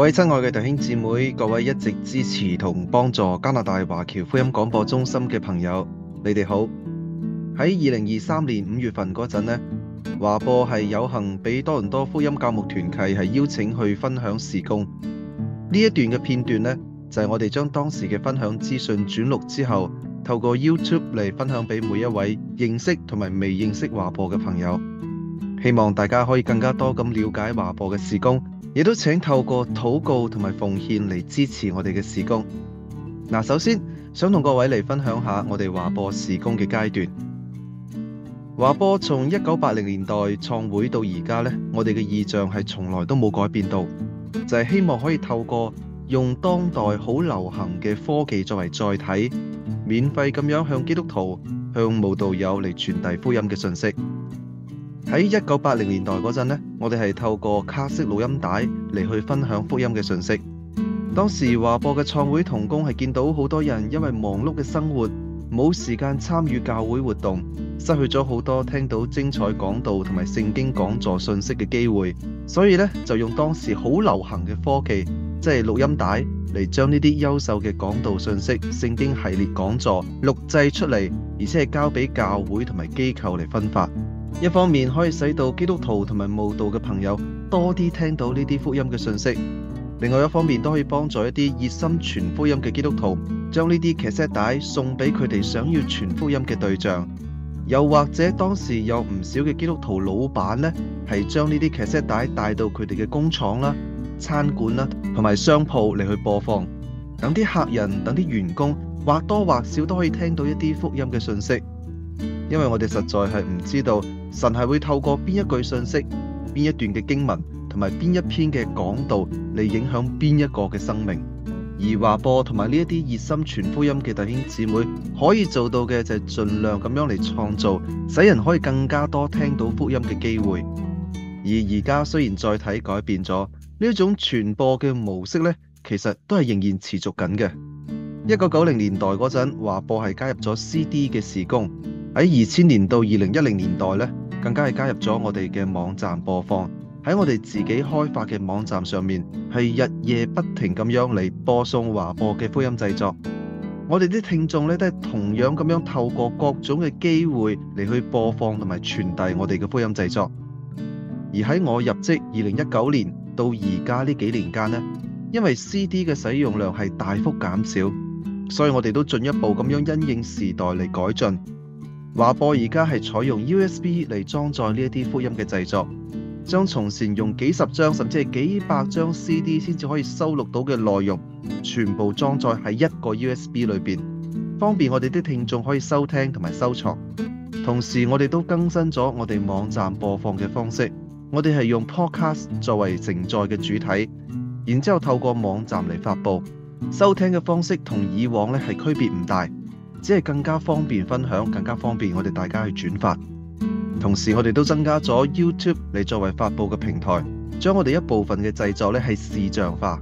各位親愛嘅弟兄姊妹，各位一直支持同幫助加拿大華僑福音廣播中心嘅朋友，你哋好！喺二零二三年五月份嗰陣呢，華播係有幸俾多倫多福音教牧團契係邀請去分享事工。呢一段嘅片段呢，就係我哋將當時嘅分享資訊轉錄之後，透過 YouTube 嚟分享俾每一位認識同埋未認識華播嘅朋友。希望大家可以更加多咁了解華播嘅事工。亦都請透過禱告同埋奉獻嚟支持我哋嘅事工。嗱，首先想同各位嚟分享下我哋華播事工嘅階段。華播從一九八零年代創會到而家呢，我哋嘅異象係從來都冇改變到，就係希望可以透過用當代好流行嘅科技作為載體，免費咁樣向基督徒、向慕道友嚟傳遞福音嘅信息。喺一九八零年代嗰陣咧，我哋係透過卡式錄音帶嚟去分享福音嘅信息。當時華播嘅創會同工係見到好多人因為忙碌嘅生活冇時間參與教會活動，失去咗好多聽到精彩講道同埋聖經講座信息嘅機會，所以咧就用當時好流行嘅科技，即係錄音帶嚟將呢啲優秀嘅講道信息、聖經系列講座錄製出嚟，而且係交俾教會同埋機構嚟分發。一方面可以使到基督徒同埋慕道嘅朋友多啲聽到呢啲福音嘅信息，另外一方面都可以幫助一啲熱心傳福音嘅基督徒，將呢啲 cassette 帶送俾佢哋想要傳福音嘅對象，又或者當時有唔少嘅基督徒老闆咧，係將呢啲 cassette 帶帶到佢哋嘅工廠啦、啊、餐館啦同埋商鋪嚟去播放，等啲客人、等啲員工或多或少都可以聽到一啲福音嘅信息，因為我哋實在係唔知道。神係會透過邊一句信息、邊一段嘅經文同埋邊一篇嘅講道嚟影響邊一個嘅生命。而華播同埋呢一啲熱心傳福音嘅弟兄姊妹可以做到嘅就係盡量咁樣嚟創造，使人可以更加多聽到福音嘅機會。而而家雖然載體改變咗，呢一種傳播嘅模式呢，其實都係仍然持續緊嘅。一九九零年代嗰陣，華播係加入咗 CD 嘅事工。喺二千年到二零一零年代呢，更加係加入咗我哋嘅網站播放，喺我哋自己開發嘅網站上面，係日夜不停咁樣嚟播送華播嘅福音製作。我哋啲聽眾咧都係同樣咁樣透過各種嘅機會嚟去播放同埋傳遞我哋嘅福音製作。而喺我入職二零一九年到而家呢幾年間呢，因為 CD 嘅使用量係大幅減少，所以我哋都進一步咁樣因應時代嚟改進。華播而家係採用 USB 嚟裝載呢一啲福音嘅製作，將從前用幾十張甚至係幾百張 CD 先至可以收錄到嘅內容，全部裝載喺一個 USB 裏邊，方便我哋啲聽眾可以收聽同埋收藏。同時，我哋都更新咗我哋網站播放嘅方式，我哋係用 Podcast 作為承載嘅主體，然之後透過網站嚟發布。收聽嘅方式同以往咧係區別唔大。只係更加方便分享，更加方便我哋大家去轉發。同時，我哋都增加咗 YouTube 嚟作為發佈嘅平台，將我哋一部分嘅製作呢係視像化。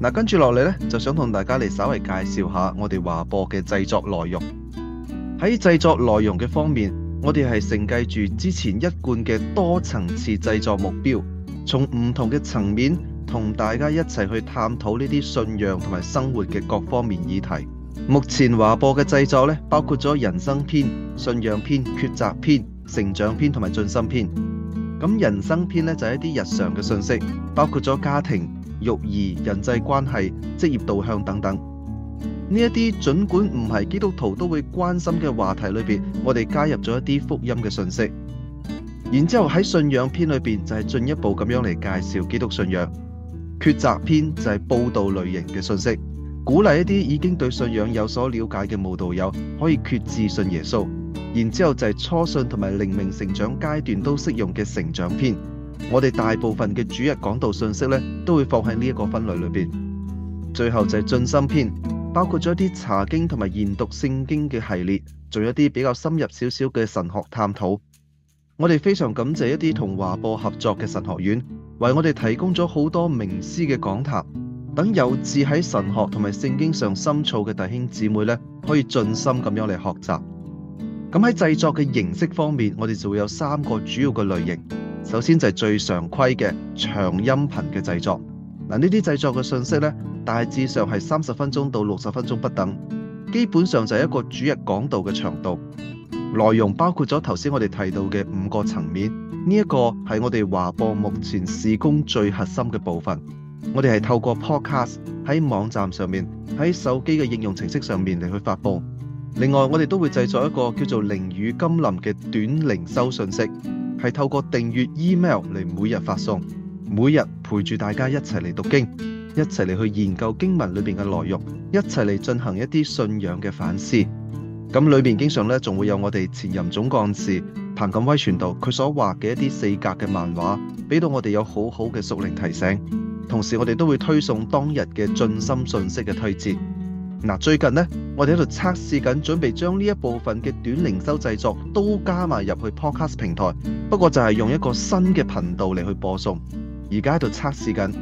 嗱，跟住落嚟呢，就想同大家嚟稍微介紹下我哋華播嘅製作內容。喺製作內容嘅方面，我哋係承繼住之前一貫嘅多層次製作目標，從唔同嘅層面同大家一齊去探討呢啲信仰同埋生活嘅各方面議題。目前華播嘅製作咧，包括咗人生篇、信仰篇、抉擇篇、成長篇同埋進心篇。咁人生篇咧就係一啲日常嘅信息，包括咗家庭、育兒、人際關係、職業導向等等。呢一啲儘管唔係基督徒都會關心嘅話題裏邊，我哋加入咗一啲福音嘅信息。然之後喺信仰篇裏邊就係進一步咁樣嚟介紹基督信仰。抉擇篇就係報道類型嘅信息。鼓勵一啲已經對信仰有所了解嘅慕道友可以決志信耶穌，然之後就係初信同埋靈命成長階段都適用嘅成長篇。我哋大部分嘅主日講道信息咧都會放喺呢一個分類裏邊。最後就係進深篇，包括咗一啲查經同埋研讀聖經嘅系列，做一啲比較深入少少嘅神學探討。我哋非常感謝一啲同華播合作嘅神學院，為我哋提供咗好多名師嘅講壇。等有志喺神學同埋聖經上深造嘅弟兄姊妹咧，可以盡心咁樣嚟學習。咁喺製作嘅形式方面，我哋就會有三個主要嘅類型。首先就係最常規嘅長音頻嘅製作。嗱，呢啲製作嘅信息咧，大致上係三十分鐘到六十分鐘不等。基本上就係一個主日講道嘅長度，內容包括咗頭先我哋提到嘅五個層面。呢一個係我哋華播目前事工最核心嘅部分。我哋係透過 podcast 喺網站上面，喺手機嘅應用程式上面嚟去發佈。另外，我哋都會製作一個叫做《靈雨甘霖》嘅短靈修信息，係透過訂閱 email 嚟每日發送，每日陪住大家一齊嚟讀經，一齊嚟去研究經文裏邊嘅內容，一齊嚟進行一啲信仰嘅反思。咁裏面經常咧仲會有我哋前任總幹事陳錦威傳道，佢所畫嘅一啲四格嘅漫畫，俾到我哋有好好嘅心靈提醒。同時，我哋都會推送當日嘅進深信息嘅推薦。嗱，最近呢，我哋喺度測試緊，準備將呢一部分嘅短靈修製作都加埋入去 Podcast 平台，不過就係用一個新嘅頻道嚟去播送。而家喺度測試緊。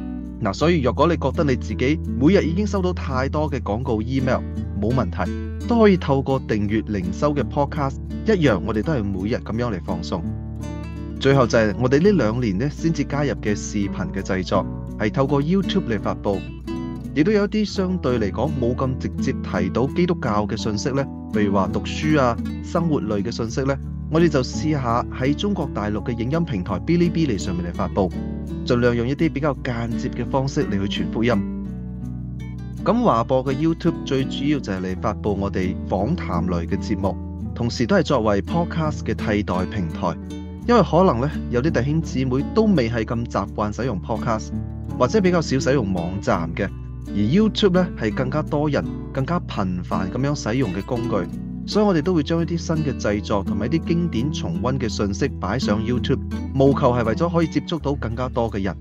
嗱，所以若果你覺得你自己每日已經收到太多嘅廣告 email，冇問題。都可以透過訂閱靈修嘅 podcast 一樣，我哋都係每日咁樣嚟放鬆。最後就係我哋呢兩年咧先至加入嘅視頻嘅製作，係透過 YouTube 嚟發布。亦都有一啲相對嚟講冇咁直接提到基督教嘅信息咧，譬如話讀書啊、生活類嘅信息呢，我哋就試下喺中國大陸嘅影音平台 Bilibili 上面嚟發布，儘量用一啲比較間接嘅方式嚟去傳福音。咁華播嘅 YouTube 最主要就係嚟發布我哋訪談類嘅節目，同時都係作為 Podcast 嘅替代平台，因為可能呢有啲弟兄姊妹都未係咁習慣使用 Podcast，或者比較少使用網站嘅，而 YouTube 呢係更加多人、更加頻繁咁樣使用嘅工具，所以我哋都會將一啲新嘅製作同埋一啲經典重溫嘅信息擺上 YouTube，務求係為咗可以接觸到更加多嘅人。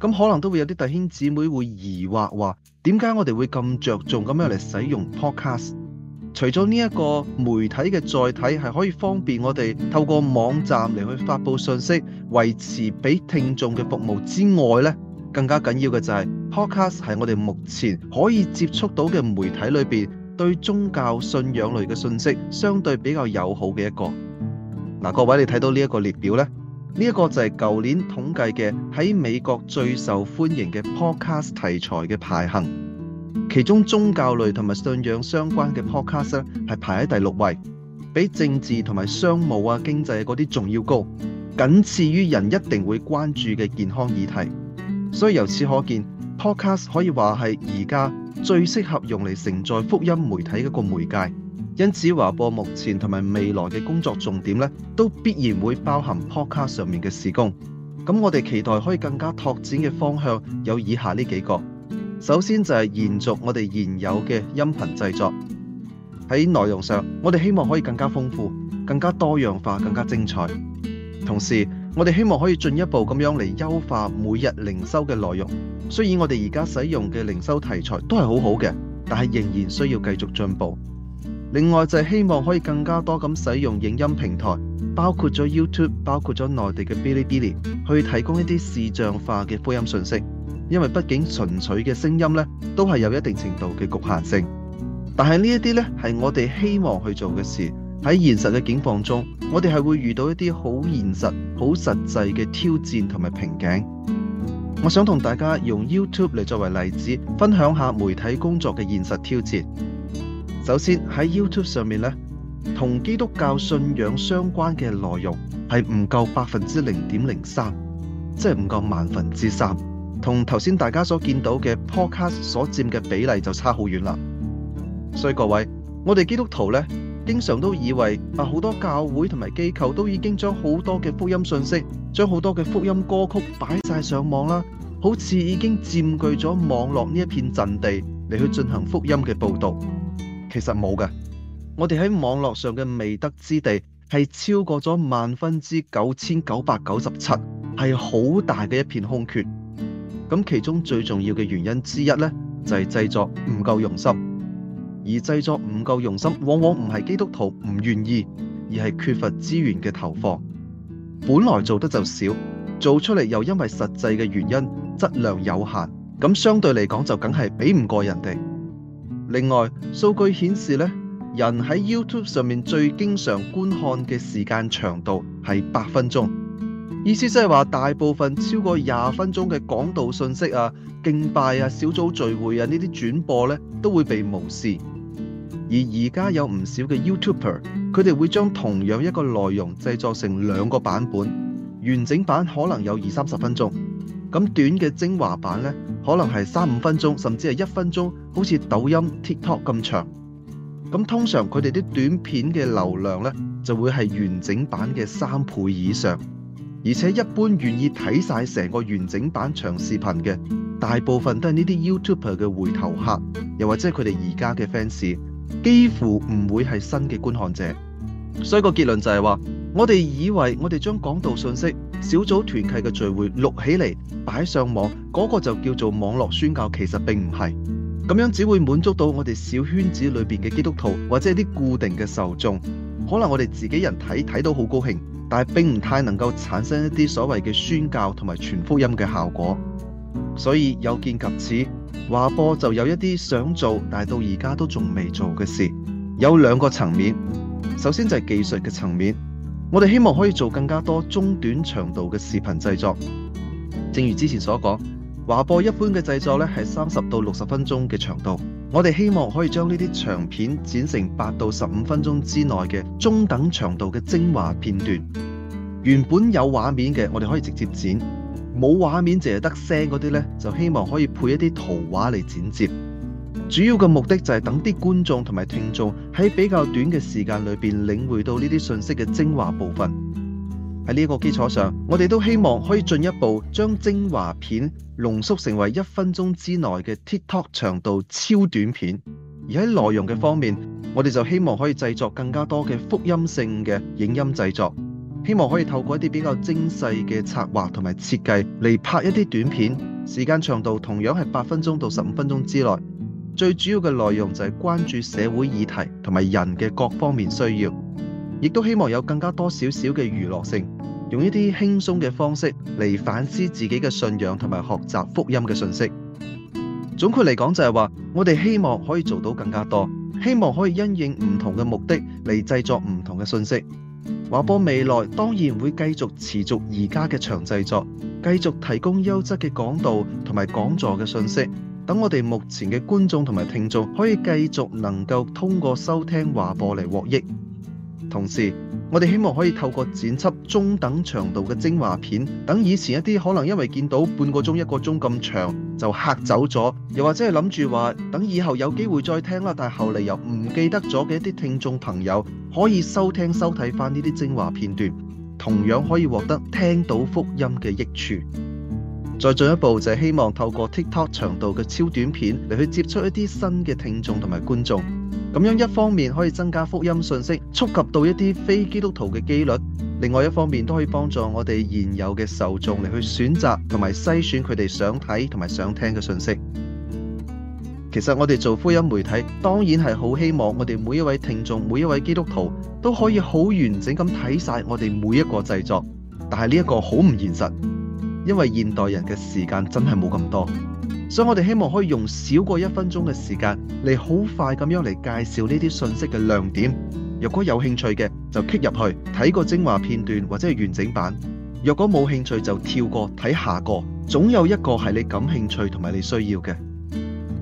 咁可能都會有啲弟兄姊妹會疑惑話，點解我哋會咁着重咁樣嚟使用 Podcast？除咗呢一個媒體嘅載體係可以方便我哋透過網站嚟去發布信息、維持俾聽眾嘅服務之外呢，呢更加緊要嘅就係 Podcast 係我哋目前可以接觸到嘅媒體裏邊對宗教信仰類嘅信息相對比較友好嘅一個。嗱，各位你睇到呢一個列表呢。呢一個就係舊年統計嘅喺美國最受歡迎嘅 Podcast 題材嘅排行，其中宗教類同埋信仰相關嘅 Podcast 咧，係排喺第六位，比政治同埋商務啊、經濟嗰啲仲要高，僅次於人一定會關注嘅健康議題。所以由此可見，Podcast 可以話係而家最適合用嚟承載福音媒體一個媒介。因此，華播目前同埋未來嘅工作重點咧，都必然會包含 Podcast 上面嘅事工。咁我哋期待可以更加拓展嘅方向有以下呢幾個。首先就係延續我哋現有嘅音頻製作。喺內容上，我哋希望可以更加豐富、更加多樣化、更加精彩。同時，我哋希望可以進一步咁樣嚟優化每日靈修嘅內容。雖然我哋而家使用嘅靈修題材都係好好嘅，但係仍然需要繼續進步。另外就係希望可以更加多咁使用影音平台，包括咗 YouTube，包括咗內地嘅嗶哩嗶哩，去提供一啲視像化嘅配音信息。因為畢竟純粹嘅聲音咧，都係有一定程度嘅局限性。但係呢一啲咧，係我哋希望去做嘅事。喺現實嘅境況中，我哋係會遇到一啲好現實、好實際嘅挑戰同埋瓶頸。我想同大家用 YouTube 嚟作為例子，分享下媒體工作嘅現實挑戰。首先喺 YouTube 上面咧，同基督教信仰相關嘅內容係唔夠百分之零點零三，即係唔夠萬分之三，同頭先大家所見到嘅 Podcast 所佔嘅比例就差好遠啦。所以各位，我哋基督徒咧，經常都以為啊，好多教會同埋機構都已經將好多嘅福音信息、將好多嘅福音歌曲擺晒上網啦，好似已經佔據咗網絡呢一片陣地嚟去進行福音嘅報道。其實冇嘅，我哋喺網絡上嘅未得之地係超過咗萬分之九千九百九十七，係好大嘅一片空缺。咁其中最重要嘅原因之一呢，就係製作唔夠用心。而製作唔夠用心，往往唔係基督徒唔願意，而係缺乏資源嘅投放。本來做得就少，做出嚟又因為實際嘅原因，質量有限。咁相對嚟講，就梗係比唔過人哋。另外，數據顯示咧，人喺 YouTube 上面最經常觀看嘅時間長度係八分鐘，意思即係話大部分超過廿分鐘嘅講道信息啊、敬拜啊、小組聚會啊呢啲轉播咧都會被無視。而而家有唔少嘅 YouTuber，佢哋會將同樣一個內容製作成兩個版本，完整版可能有二三十分鐘，咁短嘅精華版咧，可能係三五分鐘，甚至係一分鐘，好似抖音、TikTok 咁長。咁通常佢哋啲短片嘅流量呢，就會係完整版嘅三倍以上。而且一般願意睇晒成個完整版長視頻嘅，大部分都係呢啲 YouTuber 嘅回頭客，又或者係佢哋而家嘅 fans，幾乎唔會係新嘅觀看者。所以個結論就係話。我哋以為我哋將講道信息、小組團契嘅聚會錄起嚟擺上網，嗰個就叫做網絡宣教，其實並唔係咁樣，只會滿足到我哋小圈子裏邊嘅基督徒或者係啲固定嘅受眾。可能我哋自己人睇，睇到好高興，但係並唔太能夠產生一啲所謂嘅宣教同埋傳福音嘅效果。所以有見及此，華播就有一啲想做，但係到而家都仲未做嘅事，有兩個層面。首先就係技術嘅層面。我哋希望可以做更加多中短長度嘅視頻製作。正如之前所講，華播一般嘅製作呢，係三十到六十分鐘嘅長度。我哋希望可以將呢啲長片剪成八到十五分鐘之內嘅中等長度嘅精華片段。原本有畫面嘅，我哋可以直接剪；冇畫面淨係得聲嗰啲呢，就希望可以配一啲圖畫嚟剪接。主要嘅目的就係等啲觀眾同埋聽眾喺比較短嘅時間裏邊領會到呢啲信息嘅精華部分。喺呢一個基礎上，我哋都希望可以進一步將精華片濃縮成為一分鐘之內嘅 TikTok 長度超短片。而喺內容嘅方面，我哋就希望可以製作更加多嘅福音性嘅影音製作，希望可以透過一啲比較精細嘅策劃同埋設計嚟拍一啲短片，時間長度同樣係八分鐘到十五分鐘之內。最主要嘅內容就係關注社會議題同埋人嘅各方面需要，亦都希望有更加多少少嘅娛樂性，用一啲輕鬆嘅方式嚟反思自己嘅信仰同埋學習福音嘅信息。總括嚟講，就係話我哋希望可以做到更加多，希望可以因應唔同嘅目的嚟製作唔同嘅信息。華播未來當然會繼續持續而家嘅長製作，繼續提供優質嘅講道同埋講座嘅信息。等我哋目前嘅觀眾同埋聽眾可以繼續能夠通過收聽華播嚟獲益，同時我哋希望可以透過剪輯中等長度嘅精華片，等以前一啲可能因為見到半個鐘一個鐘咁長就嚇走咗，又或者係諗住話等以後有機會再聽啦，但係後嚟，又唔記得咗嘅一啲聽眾朋友，可以收聽收睇返呢啲精華片段，同樣可以獲得聽到福音嘅益處。再進一步就係希望透過 TikTok 長度嘅超短片嚟去接觸一啲新嘅聽眾同埋觀眾，咁樣一方面可以增加福音信息，觸及到一啲非基督徒嘅機率；另外一方面都可以幫助我哋現有嘅受眾嚟去選擇同埋篩選佢哋想睇同埋想聽嘅信息。其實我哋做福音媒體，當然係好希望我哋每一位聽眾、每一位基督徒都可以好完整咁睇晒我哋每一個製作，但係呢一個好唔現實。因為現代人嘅時間真係冇咁多，所以我哋希望可以用少過一分鐘嘅時間嚟好快咁樣嚟介紹呢啲信息嘅亮點。如果有興趣嘅就 click 入去睇個精華片段或者係完整版。若果冇興趣就跳過睇下個，總有一個係你感興趣同埋你需要嘅。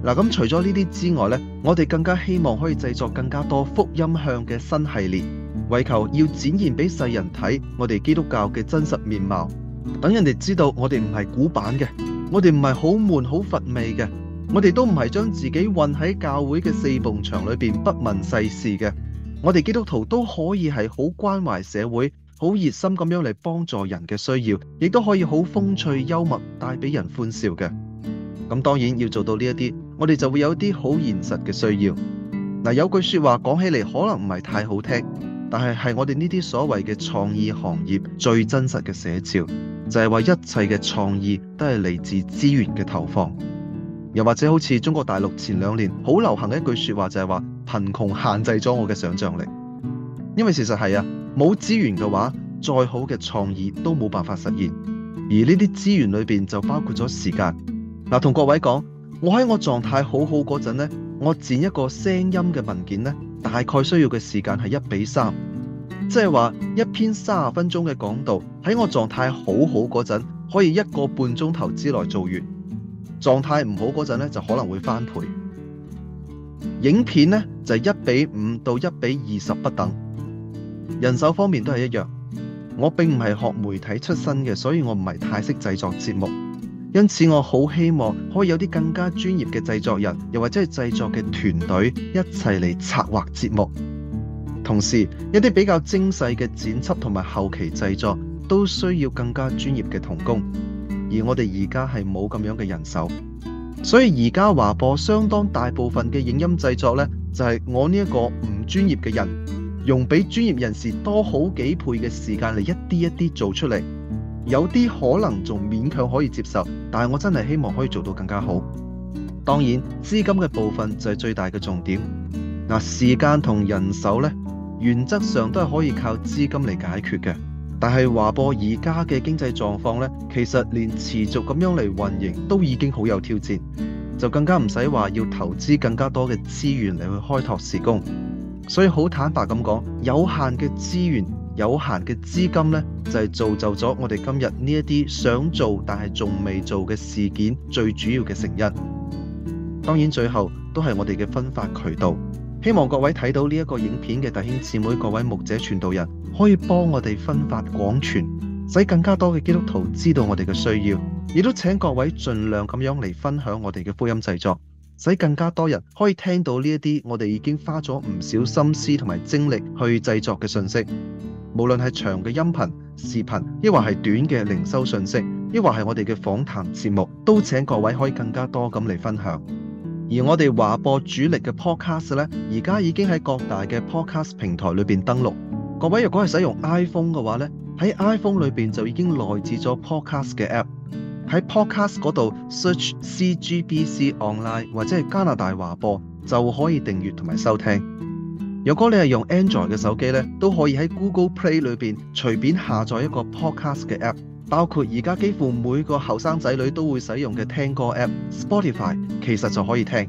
嗱，咁除咗呢啲之外呢，我哋更加希望可以製作更加多福音向嘅新系列，為求要展現俾世人睇我哋基督教嘅真實面貌。等人哋知道我哋唔係古板嘅，我哋唔係好悶好乏味嘅，我哋都唔係將自己困喺教會嘅四埲牆裏邊不問世事嘅。我哋基督徒都可以係好關懷社會，好熱心咁樣嚟幫助人嘅需要，亦都可以好風趣幽默，帶俾人歡笑嘅。咁當然要做到呢一啲，我哋就會有啲好現實嘅需要。嗱，有句說話講起嚟可能唔係太好聽。但係係我哋呢啲所謂嘅創意行業最真實嘅寫照，就係、是、話一切嘅創意都係嚟自資源嘅投放，又或者好似中國大陸前兩年好流行嘅一句説話就說，就係話貧窮限制咗我嘅想像力，因為事實係啊，冇資源嘅話，再好嘅創意都冇辦法實現。而呢啲資源裏邊就包括咗時間。嗱、呃，同各位講，我喺我狀態好好嗰陣呢，我剪一個聲音嘅文件呢。大概需要嘅時間係一比三，即係話一篇三十分鐘嘅講道，喺我狀態好好嗰陣，可以一個半鐘頭之內做完；狀態唔好嗰陣咧，就可能會翻倍。影片呢就一比五到一比二十不等，人手方面都係一樣。我並唔係學媒體出身嘅，所以我唔係太識製作節目。因此，我好希望可以有啲更加專業嘅製作人，又或者係製作嘅團隊一齊嚟策劃節目。同時，一啲比較精細嘅剪輯同埋後期製作都需要更加專業嘅同工，而我哋而家係冇咁樣嘅人手，所以而家華播相當大部分嘅影音製作呢，就係、是、我呢一個唔專業嘅人，用比專業人士多好幾倍嘅時間嚟一啲一啲做出嚟。有啲可能仲勉強可以接受，但係我真係希望可以做到更加好。當然，資金嘅部分就係最大嘅重點。嗱，時間同人手呢，原則上都係可以靠資金嚟解決嘅。但係華播而家嘅經濟狀況呢，其實連持續咁樣嚟運營都已經好有挑戰，就更加唔使話要投資更加多嘅資源嚟去開拓事工。所以好坦白咁講，有限嘅資源。有限嘅資金咧，就係造就咗我哋今日呢一啲想做但係仲未做嘅事件最主要嘅成因。當然，最後都係我哋嘅分發渠道。希望各位睇到呢一個影片嘅弟兄姊妹，各位牧者傳道人，可以幫我哋分發廣傳，使更加多嘅基督徒知道我哋嘅需要。亦都請各位盡量咁樣嚟分享我哋嘅福音製作，使更加多人可以聽到呢一啲我哋已經花咗唔少心思同埋精力去製作嘅信息。無論係長嘅音頻、視頻，抑或係短嘅靈修信息，抑或係我哋嘅訪談節目，都請各位可以更加多咁嚟分享。而我哋華播主力嘅 podcast 咧，而家已經喺各大嘅 podcast 平台裏邊登錄。各位如果係使用 iPhone 嘅話咧，喺 iPhone 裏邊就已經內置咗 podcast 嘅 app。喺 podcast 嗰度 search CGBC Online 或者係加拿大華播就可以訂閱同埋收聽。如果你係用 Android 嘅手機咧，都可以喺 Google Play 裏邊隨便下載一個 podcast 嘅 app，包括而家幾乎每個後生仔女都會使用嘅聽歌 app Spotify，其實就可以聽。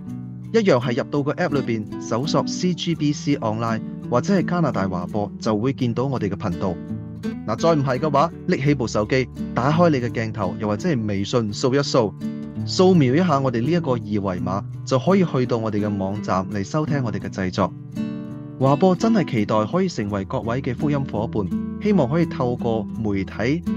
一樣係入到個 app 裏邊，搜索 CGBC Online 或者係加拿大華播，就會見到我哋嘅頻道。嗱，再唔係嘅話，拎起部手機，打開你嘅鏡頭，又或者係微信掃一掃，掃描一下我哋呢一個二維碼，就可以去到我哋嘅網站嚟收聽我哋嘅製作。華播真係期待可以成為各位嘅福音夥伴，希望可以透過媒體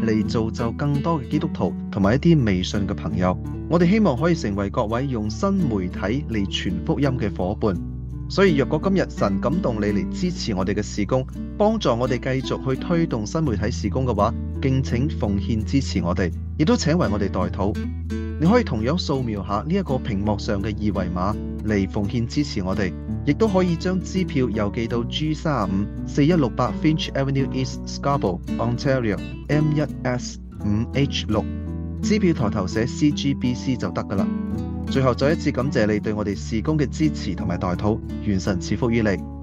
嚟造就更多嘅基督徒同埋一啲微信嘅朋友。我哋希望可以成為各位用新媒體嚟傳福音嘅夥伴。所以若果今日神感動你嚟支持我哋嘅事工，幫助我哋繼續去推動新媒體事工嘅話，敬請奉獻支持我哋，亦都請為我哋代禱。你可以同樣掃描下呢一個屏幕上嘅二維碼嚟奉獻支持我哋，亦都可以將支票郵寄到 G 三五四一六八 Finch Avenue East Scarborough Ontario M 一 S 五 H 六，支票抬頭寫 CGBC 就得㗎喇。最後再一次感謝你對我哋事工嘅支持同埋代禱，願神賜福於你。